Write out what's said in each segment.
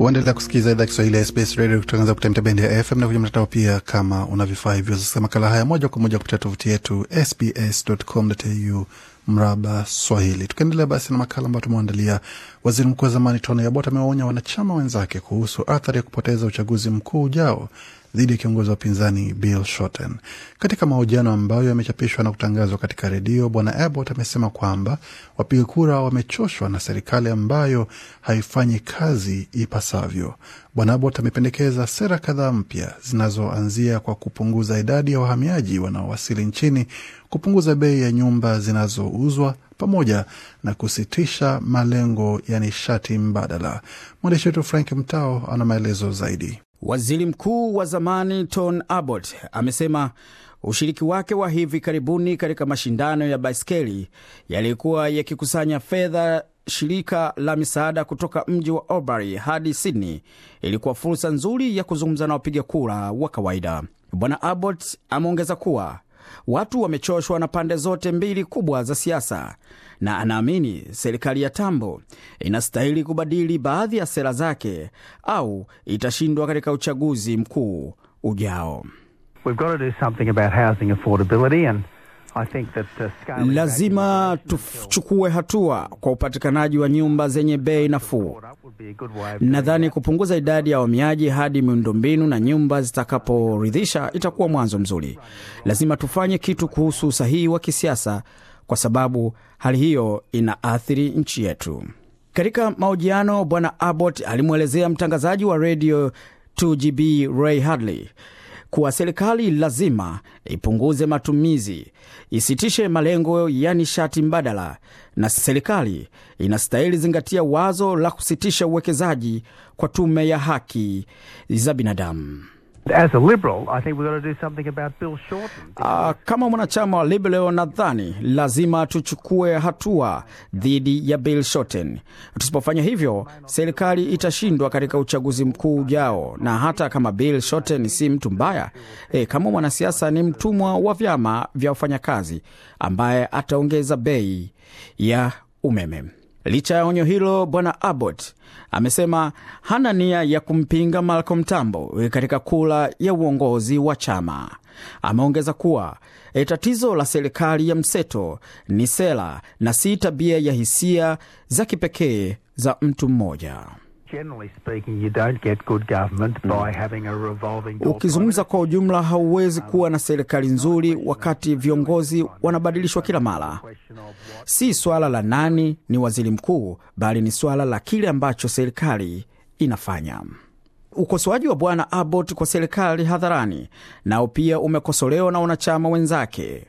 Waendelea kusikiliza idhaa Kiswahili ya SBS Radio kutangaza kupitia mitabendi ya FM na kwenye mtandao pia, kama una vifaa hivyo. Sasa makala haya moja kwa moja kupitia tovuti yetu sbs.com.au mraba Swahili. Tukiendelea basi na makala ambayo tumeandalia, waziri mkuu wa zamani Tony Abbott amewaonya wanachama wenzake kuhusu athari ya kupoteza uchaguzi mkuu ujao dhidi ya kiongozi wa upinzani Bill Shorten. Katika mahojiano ambayo yamechapishwa na kutangazwa katika redio, Bwana Abbott amesema kwamba wapiga kura wamechoshwa na serikali ambayo haifanyi kazi ipasavyo. Bwana Abbott amependekeza sera kadhaa mpya zinazoanzia kwa kupunguza idadi ya wahamiaji wanaowasili nchini, kupunguza bei ya nyumba zinazouzwa pamoja na kusitisha malengo ya nishati mbadala. Mwandishi wetu Frank Mtao ana maelezo zaidi. Waziri mkuu wa zamani Tony Abbott amesema ushiriki wake wa hivi karibuni katika mashindano ya baiskeli yaliyokuwa yakikusanya fedha shirika la misaada kutoka mji wa Albury hadi Sydney ilikuwa fursa nzuri ya kuzungumza na wapiga kura wa kawaida. Bwana Abbott ameongeza kuwa Watu wamechoshwa na pande zote mbili kubwa za siasa, na anaamini serikali ya Tambo inastahili kubadili baadhi ya sera zake au itashindwa katika uchaguzi mkuu ujao. Uh, Lazima tuchukue hatua kwa upatikanaji wa nyumba zenye bei nafuu. Nadhani kupunguza idadi ya wahamiaji hadi miundombinu na nyumba zitakaporidhisha itakuwa mwanzo mzuri. Lazima tufanye kitu kuhusu usahihi wa kisiasa, kwa sababu hali hiyo inaathiri nchi yetu. Katika mahojiano, Bwana Abbott alimwelezea mtangazaji wa redio 2GB Ray Hadley kuwa serikali lazima ipunguze matumizi, isitishe malengo ya nishati mbadala, na serikali inastahili zingatia wazo la kusitisha uwekezaji kwa tume ya haki za binadamu. As a liberal, I think we've got to do something about Bill Shorten. Uh, kama mwanachama wa Liberal nadhani lazima tuchukue hatua dhidi ya Bill Shorten. Tusipofanya hivyo, serikali itashindwa katika uchaguzi mkuu ujao, na hata kama Bill Shorten si mtu mbaya, e, kama mwanasiasa ni mtumwa wa vyama vya wafanyakazi ambaye ataongeza bei ya umeme. Licha ya onyo hilo, bwana abbot amesema hana nia ya kumpinga Malcolm Tambo katika kula ya uongozi wa chama. Ameongeza kuwa e, tatizo la serikali ya mseto ni sera na si tabia ya hisia za kipekee za mtu mmoja. Mm. Ukizungumza kwa ujumla, hauwezi kuwa na serikali nzuri wakati viongozi wanabadilishwa kila mara. Si swala la nani ni waziri mkuu, bali ni swala la kile ambacho serikali inafanya. Ukosoaji wa Bwana Abbott kwa serikali hadharani nao pia umekosolewa na wanachama wenzake,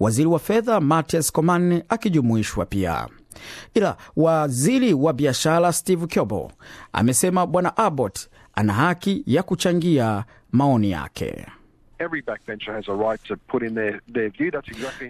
waziri wa fedha matias Coman akijumuishwa pia. Ila waziri wa biashara Steve Kyobo amesema bwana abbot ana haki ya kuchangia maoni yake.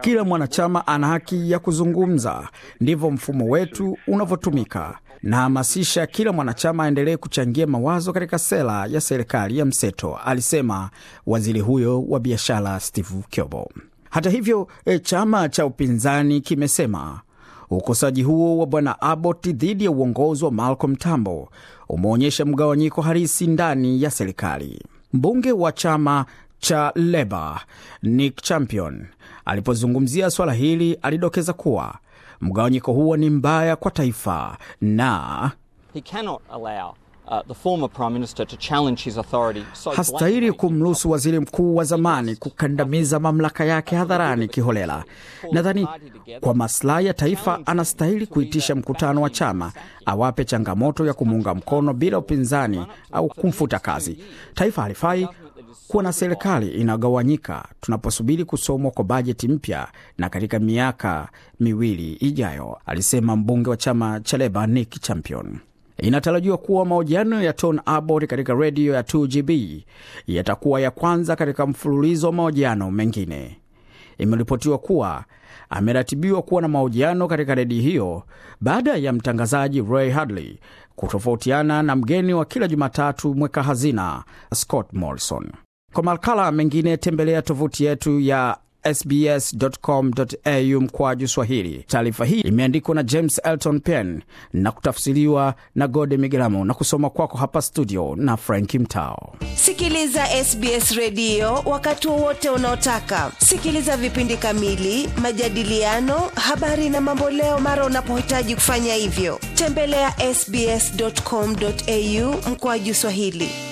Kila mwanachama ana haki ya kuzungumza. Ndivyo mfumo wetu unavyotumika. Nahamasisha kila mwanachama aendelee kuchangia mawazo katika sera ya serikali ya mseto, alisema waziri huyo wa biashara Steve Kyobo. Hata hivyo, eh, chama cha upinzani kimesema ukosaji huo wa bwana abot dhidi ya uongozi wa Malcolm Tambo umeonyesha mgawanyiko halisi ndani ya serikali. Mbunge wa chama cha Leba Nick Champion alipozungumzia swala hili alidokeza kuwa mgawanyiko huo ni mbaya kwa taifa na He cannot allow Uh, Hastahili kumruhusu waziri mkuu wa zamani kukandamiza mamlaka yake hadharani kiholela. Nadhani kwa maslahi ya taifa, anastahili kuitisha mkutano wa chama, awape changamoto ya kumuunga mkono bila upinzani au kumfuta kazi. Taifa halifai kuwa na serikali inagawanyika tunaposubiri kusomwa kwa bajeti mpya na katika miaka miwili ijayo, alisema mbunge wa chama cha Leba Nick Champion. Inatarajiwa kuwa mahojiano ya ton Abbott katika redio ya 2GB yatakuwa ya kwanza katika mfululizo wa mahojiano mengine. Imeripotiwa kuwa ameratibiwa kuwa na mahojiano katika redio hiyo baada ya mtangazaji Ray Hadley kutofautiana na mgeni wa kila Jumatatu, mweka hazina Scott Morrison. Kwa makala mengine tembelea tovuti yetu ya sbs.com.au mkwaju Swahili. Taarifa hii imeandikwa na James Elton Pen na kutafsiriwa na Gode Migeramo na kusoma kwako hapa studio na Frank Mtao. Sikiliza SBS redio wakati wowote unaotaka. Sikiliza vipindi kamili, majadiliano, habari na mamboleo mara unapohitaji kufanya hivyo. Tembelea ya sbs.com.au mkoaju Swahili.